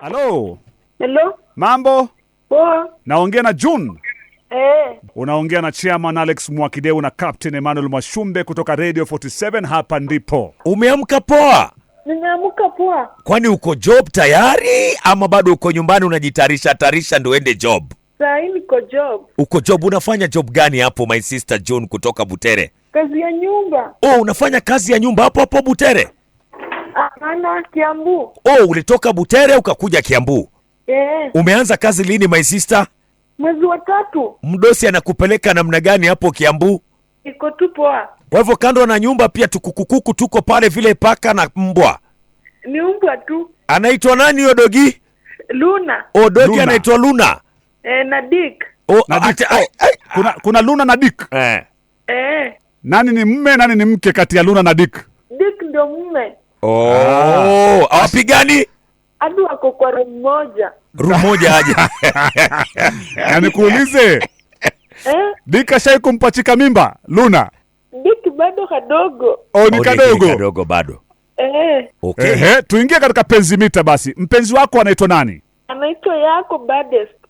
Hello. Hello. Mambo? Poa. Naongea na June. Eh. Unaongea na chairman Alex Mwakideu na Captain Emmanuel Mashumbe kutoka Radio 47 hapa ndipo. Umeamka poa? Nimeamka poa. Kwani uko job tayari ama bado uko nyumbani unajitarisha tarisha ndio uende job? Sahi niko job. Uko job unafanya job gani hapo my sister June kutoka Butere? Kazi ya nyumba. Oh, unafanya kazi ya nyumba hapo hapo Butere? Hapana, Kiambu. Oh, ulitoka Butere ukakuja Kiambu? Eh. Umeanza kazi lini my sister? Mwezi wa tatu. Mdosi anakupeleka namna gani hapo Kiambu? Iko tu poa. Kwa hivyo kando na nyumba pia tukukukuku tuko pale vile paka na mbwa. Ni mbwa tu. Anaitwa nani huyo dogi? Luna. Oh, dogi anaitwa Luna. Eh, na Dick. Oh, na Dick. Ay, ay, ay. kuna, kuna Luna na Dick. Eh. Eh. Nani ni mme, nani ni mke kati ya Luna na Dick? Dick ndio mme. Oh, ah, hawapigani hadi wako kwa rumu moja, aja moja anikuulize eh? Dikashai kumpachika mimba Luna? Diki bado kadogo. Oh, ni oh, kadogo kadogo bado eh. Okay. Eh, tuingie katika penzi mita basi. Mpenzi wako anaitwa nani? Anaitwa yako Badest.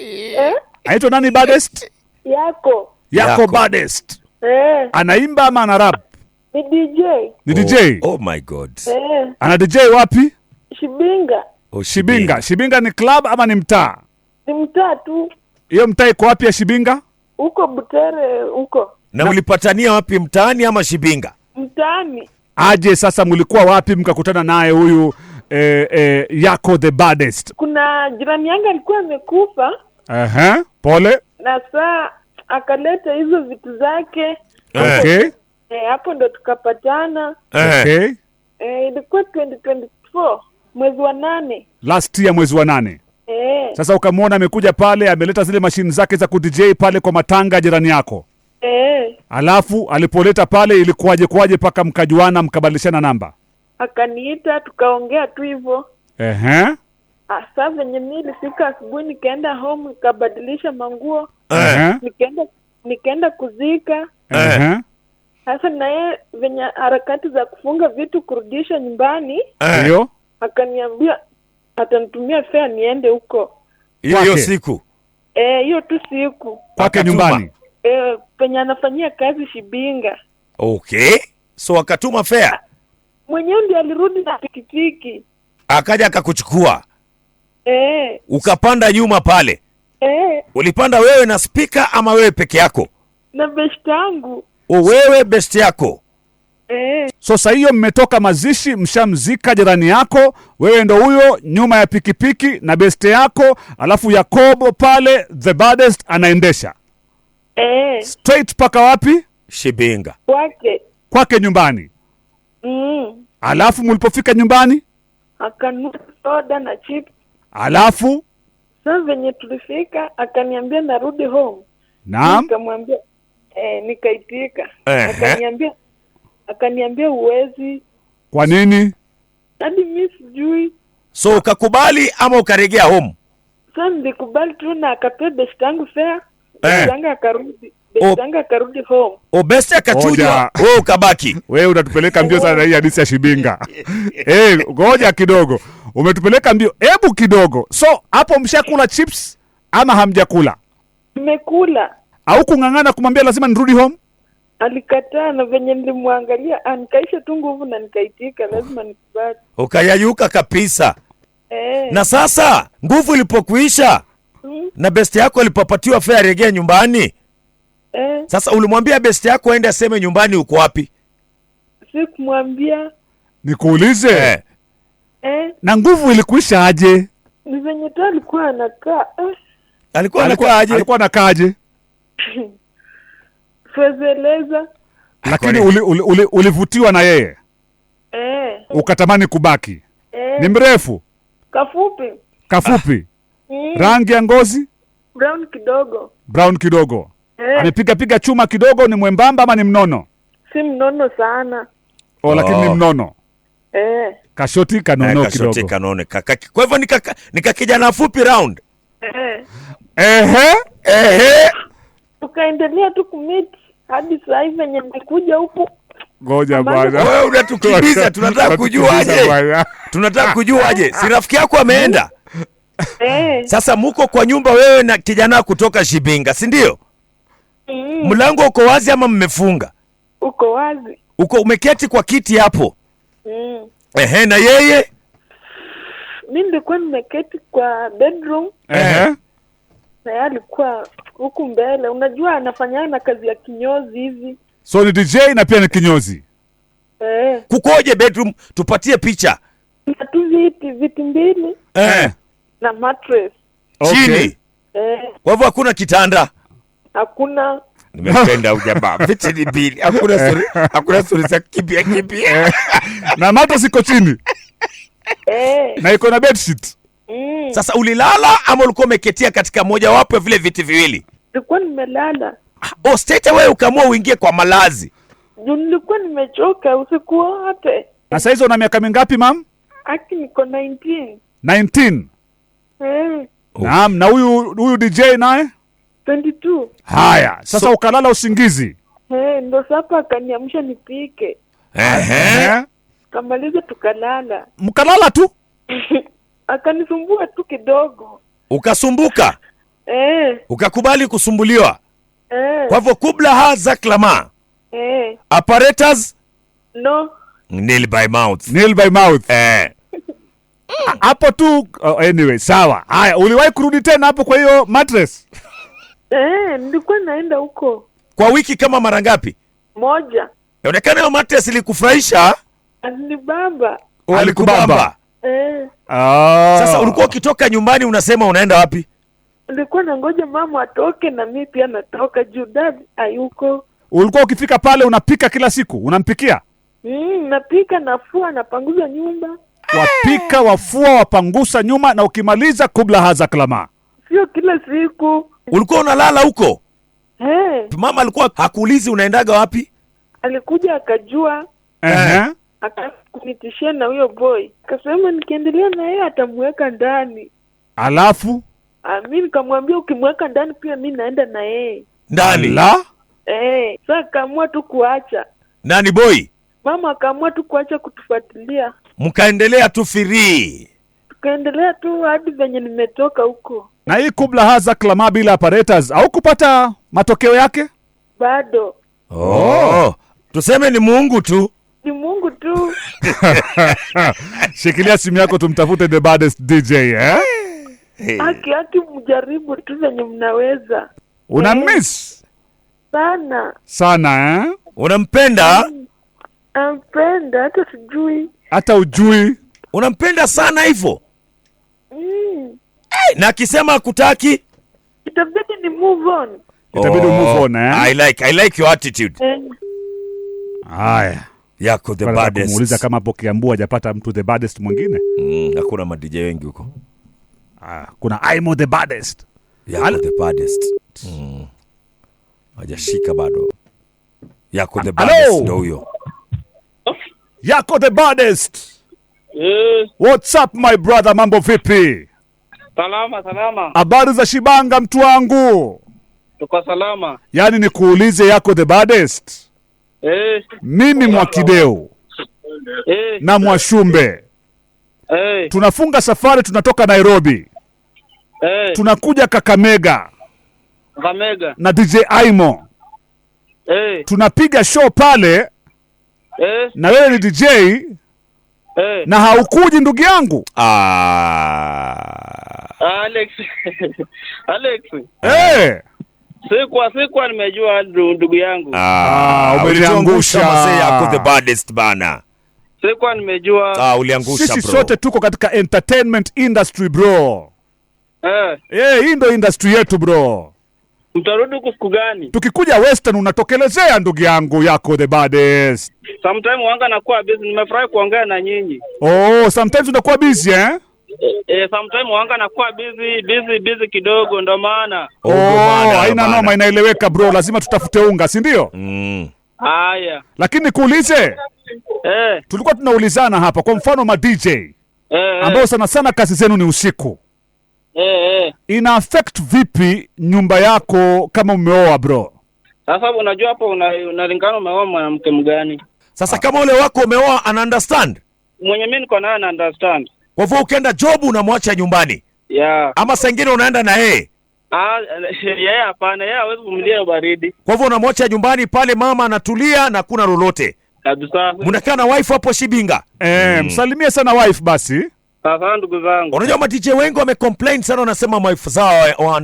Eh? Anaitwa nani Badest? Yako. Yako, yako Badest. Eh. Anaimba ama anarap? Ni DJ. Ni DJ. Oh, oh my God. Eh. Ana DJ wapi? Shibinga. Oh, Shibinga. Shibinga ni club ama ni mtaa? Ni mtaa tu. Hiyo mtaa iko wapi ya Shibinga? Huko Butere huko. Na, na mlipatania wapi mtaani ama Shibinga? Mtaani. Aje sasa mlikuwa wapi mkakutana naye huyu eh, eh, yako the baddest? Kuna jirani yangu alikuwa amekufa. Uh-huh. pole. Na saa akaleta hizo vitu zake. Okay. okay eh, hapo ndo tukapatana eh. okay. eh, ilikuwa 2024 mwezi wa nane last year mwezi wa nane eh. Sasa ukamwona amekuja pale ameleta zile mashini zake za kudj pale kwa matanga jirani yako eh. Alafu alipoleta pale ilikuwaje kwaje paka mkajuana mkabadilishana namba? Akaniita tukaongea tu hivyo eh. Ah, Sasa venye mi ilifika asubuhi, nikaenda home nikabadilisha manguo eh. nikaenda nikaenda kuzika eh. Sasa naye venye harakati za kufunga vitu kurudisha nyumbani, eh. ndio akaniambia atanitumia fea niende huko hiyo hiyo siku eh, hiyo e, tu siku kwake nyumbani e, penye anafanyia kazi Shibinga. Okay, so akatuma fea mwenyewe ndio alirudi na pikipiki akaja akakuchukua e. Ukapanda nyuma pale e. Ulipanda wewe na spika ama wewe peke yako? na beshtangu wewe besti yako e. Sasa hiyo mmetoka mazishi, mshamzika jirani yako, wewe ndo huyo nyuma ya pikipiki na besti yako, alafu Yakobo pale the baddest anaendesha e. Straight paka wapi? Shibinga kwake, kwake nyumbani mm. Alafu mulipofika nyumbani akanua soda na chip. alafu sasa venye tulifika akaniambia narudi home. Naam, nikamwambia eh, nikaipika akaniambia akaniambia uwezi Kwa nini? Hadi mimi sijui. So ukakubali ama ukaregea home? Sasa nilikubali tu na akapea best yangu fare. Eh. akarudi. karudi ukabaki. Wewe unatupeleka mbio sana hii hadisi ya Shibinga. Eh, ngoja kidogo. Umetupeleka mbio. Hebu kidogo. So hapo mshakula chips ama hamjakula? mekula au kung'ang'ana kumwambia lazima nirudi home? Alikataa, na venye nilimwangalia anikaisha ah, tu nguvu na nikaitika, lazima nikubali. Ukayayuka kabisa eh. Na sasa nguvu ilipokuisha hmm, na besti yako alipopatiwa fare aregee nyumbani eh. Sasa ulimwambia besti yako aende aseme nyumbani uko wapi? Sikumwambia. Nikuulize eh. Eh. Na nguvu ilikuisha aje? Ni venye tu alikuwa anakaa eh. Alikuwa anakaa aje? Alikuwa anakaaje? fezeleza Lakini ulivutiwa uli, uli, uli na yeye e? Ukatamani kubaki e? Ni mrefu kafupi? Kafupi ah. Hmm. Rangi ya ngozi brown kidogo, brown kidogo e? Amepiga piga chuma kidogo, ni mwembamba ama ni mnono? Si mnono sana. Oh, lakini Ni oh. mnono e? Kashoti kanono e, kidogo kanone. Kaka, kwa hivyo ni kaka, ni fupi round. Ehe. Ehe. Ehe tukaendelea tu kumiti hadi saa hii venye nikuja huku. Ngoja bwana, wewe unatukimbiza, tunataka kujuaje? Tunataka kujuaje? si rafiki yako ameenda? Eh. Sasa muko kwa nyumba wewe na kijana kutoka Shibinga, si ndio? Mm. Mlango uko wazi ama mmefunga? Uko wazi. Uko umeketi kwa kiti hapo? Mm. Ehe, na yeye? Mimi nilikuwa nimeketi kwa bedroom. Ehe na yeye alikuwa huku mbele, unajua anafanyana na kazi ya kinyozi hizi. So ni DJ na pia ni kinyozi eh? Kukoje bedroom? Tupatie picha na tu viti viti mbili eh, na mattress okay. Chini eh. Kwa hivyo hakuna kitanda, hakuna nimependa ujamaa viti ni mbili, hakuna suri, hakuna suri za kibia kibia eh. na mattress siko chini eh. na iko na bedsheet Mm. Sasa ulilala ama ulikuwa umeketia katika mojawapo ya vile viti viwili? Nilikuwa nimelala. Oh, straight away ukaamua uingie kwa malazi? Nilikuwa nimechoka usiku wote. Na saa hizo una miaka mingapi mam? Aki niko 19. 19? Mm. Naam, na huyu huyu DJ naye? 22. Haya, sasa so, ukalala usingizi? Eh, ndo sasa akaniamsha nipike. Kamaliza tukalala. Mkalala tu? akanisumbua tu kidogo. Ukasumbuka eh, ukakubali kusumbuliwa eh. Kwa hivyo kubla haza klama eh, apparatus no, nil by mouth, nil by mouth eh hapo tu. Oh, anyway sawa. Haya, uliwahi kurudi tena hapo kwa hiyo mattress? Eh, nilikuwa naenda huko kwa wiki kama mara ngapi? Moja. Inaonekana hiyo mattress ilikufurahisha. Alinibamba. Alikubamba. Eh. Ah. Sasa ulikuwa ukitoka nyumbani unasema unaenda wapi? Nilikuwa nangoja mama atoke na mimi pia natoka juu dad hayuko. Ulikuwa ukifika pale unapika kila siku, unampikia? Mm, napika, nafua, napanguza nyumba. Wapika, wafua, wapangusa nyuma na ukimaliza kubla haza klama. Sio kila siku. Ulikuwa unalala huko? Eh. Mama alikuwa hakuulizi unaendaga wapi? Alikuja akajua. Eh. Uh -huh akakunitishia na huyo boy, akasema nikiendelea na yeye atamweka ndani. Alafu ah, mi nikamwambia ukimweka ndani pia mi naenda na yeye ndani la eh. Sa akaamua tu kuacha nani boy, mama akaamua tu kuacha kutufuatilia, mkaendelea tu firii, tukaendelea tu hadi venye nimetoka huko. Na hii kubla haza klama bila aparetas au kupata matokeo yake bado. Oh. oh, tuseme ni Mungu tu, ni Mungu tu shikilia simu yako tumtafute the baddest DJ eh? Hey. Aki, aki mjaribu tu venye mnaweza. Una hey. Eh. miss sana sana eh? Unampenda? Nampenda hata sijui, hata ujui unampenda sana hivyo mm. Hey, na akisema akutaki itabidi ni move on, itabidi oh, move on eh? I like, I like your attitude. Eh. Haya yako the baddest. Kumuuliza kama hapo Kiambu hajapata mtu the baddest mwingine. Mm, hakuna madj wengi huko. Ah, kuna Imo the baddest. Yako Al the baddest. Mm. Hajashika bado. Yako the baddest ndio huyo. Yako the baddest. Yeah. What's up my brother, mambo vipi? Salama, salama. Habari za Shibanga mtu wangu. Tuko salama. Yaani nikuulize yako the baddest mimi Mwakideu na Mwashumbe tunafunga safari, tunatoka Nairobi tunakuja Kakamega, na DJ Aimo tunapiga show pale na wewe ni DJ na haukuji ndugu yangu Alex. Ah. Eh. Alex. Sikuwa sikuwa nimejua ndugu yangu. Ah, ah umeliangusha yako the baddest bana. Sikuwa nimejua. Ah, uliangusha bro. Sisi sote tuko katika entertainment industry bro. Eh. Eh, hii ndo industry yetu bro. Mtarudi huku siku gani? Tukikuja western unatokelezea ndugu yangu yako the baddest. Sometimes wanga nakuwa busy, nimefurahi kuongea na nyinyi. Oh, sometimes unakuwa busy eh? E, eh, e, eh, sometime wanga nakuwa busy busy busy kidogo ndo maana. Oh, oh haina noma, inaeleweka bro, lazima tutafute unga, si ndio? Mm. Haya. Lakini kuulize. Eh. Tulikuwa tunaulizana hapa kwa mfano ma DJ eh, eh. ambao sana sana kazi zenu ni usiku. Eh, eh. ina affect vipi nyumba yako kama umeoa bro? Sasa unajua hapo unalingana una umeoa mwanamke mgani? Sasa ah, kama ule wako umeoa ana understand? Mwenye mimi niko naye ana understand. Kwa hivyo ukienda jobu unamwacha nyumbani yeah. Ama saa unaenda na yeye ah, yeye, hapana, yeye hawezi kuvumilia baridi. Kwa hivyo unamwacha nyumbani pale, mama anatulia na kuna lolote Mnakaa na wife hapo Shibinga eh, mm. msalimie sana wife basi. ndugu zangu, unajua matiche wengi wamecomplain sana, wanasema wife zao wa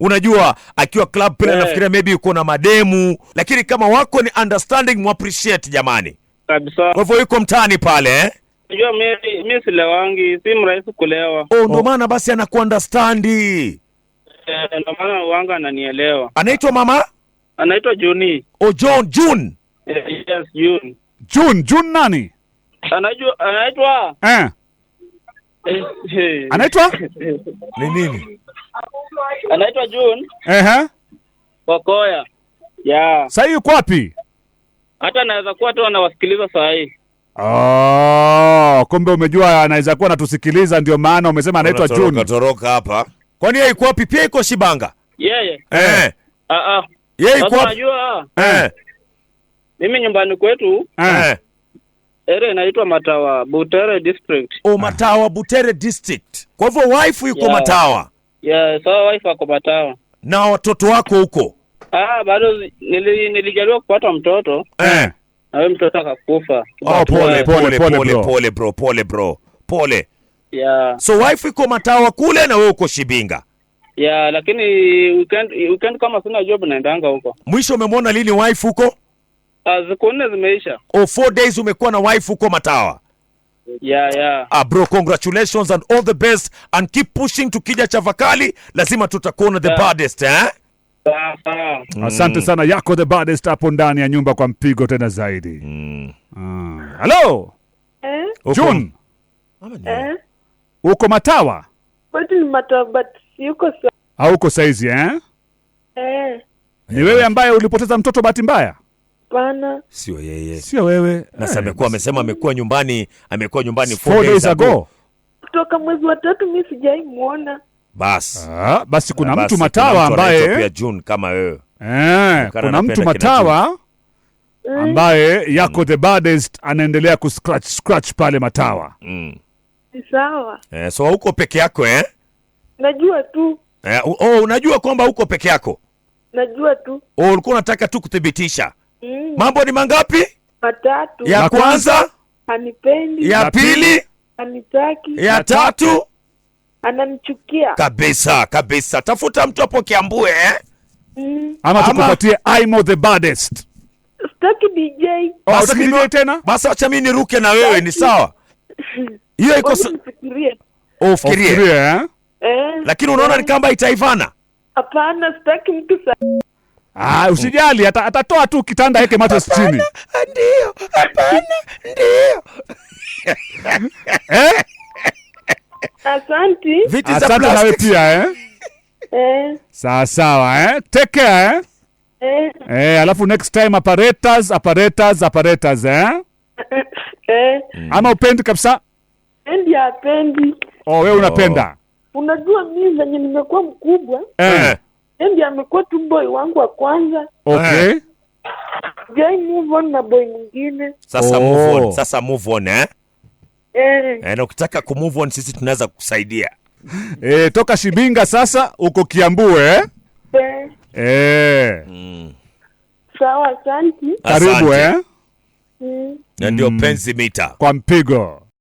Unajua akiwa club pile yeah. Nafikiria maybe uko na mademu, lakini kama wako ni understanding, mu jamani, kabisa. Kwa hivyo yuko mtaani pale eh? Unajua mimi mimi silewangi, si mrahisi kulewa. Oh, ndio maana basi anakuandastandi. Eh, ndio maana wanga ananielewa. Anaitwa mama? Anaitwa Juni. Oh, John June. Eh, yes, June. June, June nani? Anajua anaitwa eh. eh anaitwa? Ni nini? Anaitwa June. eh. Wakoya. Yeah. Sasa yuko wapi? Hata anaweza kuwa tu anawasikiliza saa hii. Oh, kumbe umejua anaweza kuwa anatusikiliza ndio maana umesema anaitwa June. Toroka hapa. Kwani yeye iko wapi? Pia iko Shibanga. Yeye. Eh. Ah ah. Yeye iko wapi? Unajua. Eh. Mimi nyumbani kwetu. Eh. Ere eh, inaitwa Matawa Butere District. Oh, Matawa Butere District. Kwa hivyo wife yuko yeah. Matawa. Yeah, so wife yuko Matawa. Na watoto wako huko? Ah, bado nilijaliwa kupata mtoto. Eh na mtoto akakufa Oh, ah, pole pole pole pole pole bro, pole bro, pole. Yeah. So wife iko Matawa kule na wewe uko Shibinga. Yeah, lakini weekend weekend kama sina job naendanga huko. Mwisho umemwona lini wife huko? Uh, siku nne zimeisha. Oh, four days umekuwa na wife huko Matawa. Yeah, yeah. Ah, bro, congratulations and all the best and keep pushing. Tukija Chavakali lazima tutakuona the yeah, baddest, eh? yeah, Asante mm. sana yako the baddest hapo ndani ya nyumba kwa mpigo tena zaidi. Mm. Halo ah. eh? June, uko eh? Matawa? Hauko ah, saizi eh? Eh. Ni wewe ambaye ulipoteza mtoto bahati mbaya? Sio yeye. Sio wewe. Na sasa eh. amekuwa amesema amekuwa nyumbani, amekuwa nyumbani 4 days ago. Kutoka mwezi wa tatu mimi basi. Ah, basi kuna basi mtu matawa ambaye pia June kama wewe eh, kuna mtu matawa eh. ambaye yako mm. the baddest anaendelea ku scratch scratch pale matawa mm. mm. Sawa. Eh, so huko peke yako eh? Najua tu. Eh, oh, unajua kwamba huko peke yako? Najua tu. Oh, ulikuwa unataka tu kuthibitisha. Mm. Mambo ni mangapi? Matatu. Ya kwanza? Hanipendi. Ya pili? Hanitaki. Ya tatu? ananichukia kabisa kabisa. Tafuta mtu hapo Kiambue eh? Mm. Ama tukupatie I'm the baddest. Sitaki DJ. Oh, sitaki DJ tena? Basi acha mimi niruke na wewe ni sawa. Hiyo iko oh, fikirie. Ufikirie eh? Eh. Lakini unaona ni kama itaivana? Hapana, sitaki mtu sana. Ah, usijali atatoa tu kitanda yake mattress chini. Ndio. Hapana, ndio. Eh? Asante. Viti asante nawe pia eh? Eh. Sawa sawa eh? Take care eh? Eh. Eh, alafu next time apparatus apparatus apparatus eh? Eh. Ama upendi kabisa? Pendi apendi. Oh, wewe unapenda. Oh. Unajua mimi zenye nimekuwa mkubwa. Eh. eh. Pendi amekuwa tu boy wangu wa kwanza. Okay. Eh. Move on na boy mwingine. Sasa oh. move on. Oh. Sasa move on eh? Eh. eh, na ukitaka move on sisi tunaweza kukusaidia. Eh, toka Shibinga sasa uko Kiambu eh? Eh. Mm. Sawa, asante. Karibu eh. Mm. Na ndio hmm. penzi mita. Kwa mpigo.